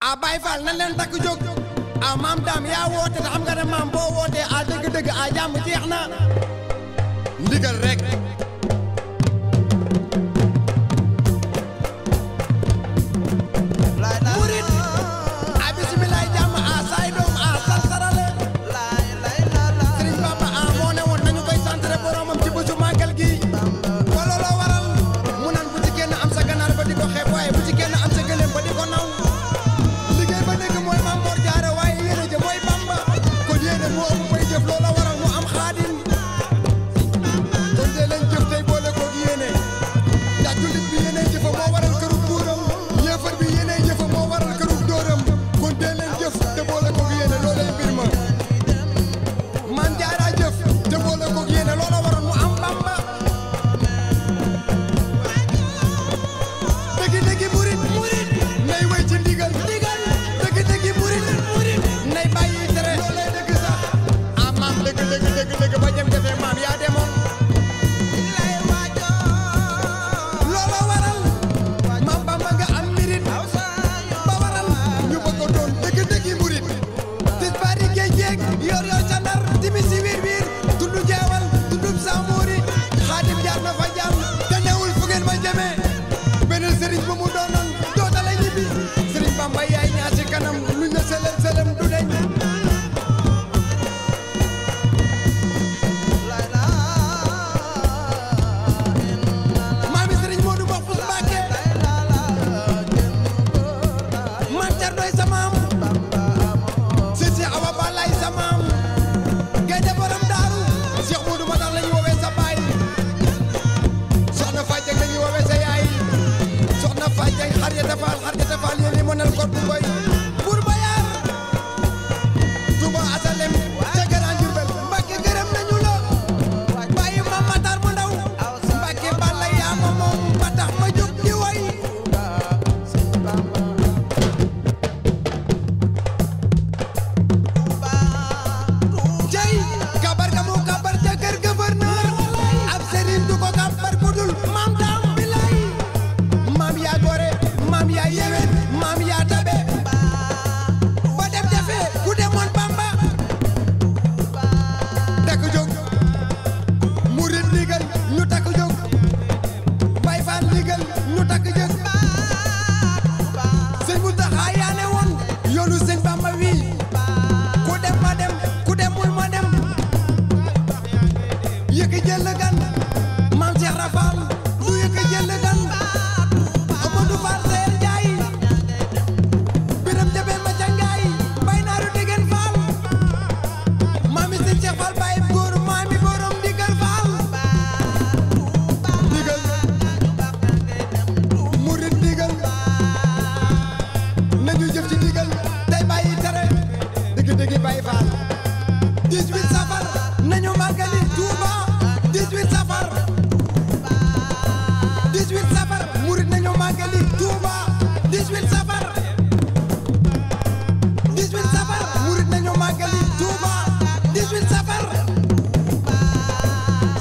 a Baye Fall nan leen takk jóg a maam daam yaa woote te nga ne maam boo wootee a dëgg-dëgg a jàmm jeex na ndigal rek Baay Faal 18 safar nañu màggali Touba 18 safar 18 safar murit nañu màggali Touba 18 safar 18 safar murit nañu màggali Touba 18 safar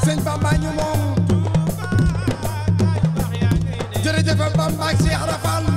sëñ Bamba ñu moom jërëjëf Bamba ak Cheikh Rafal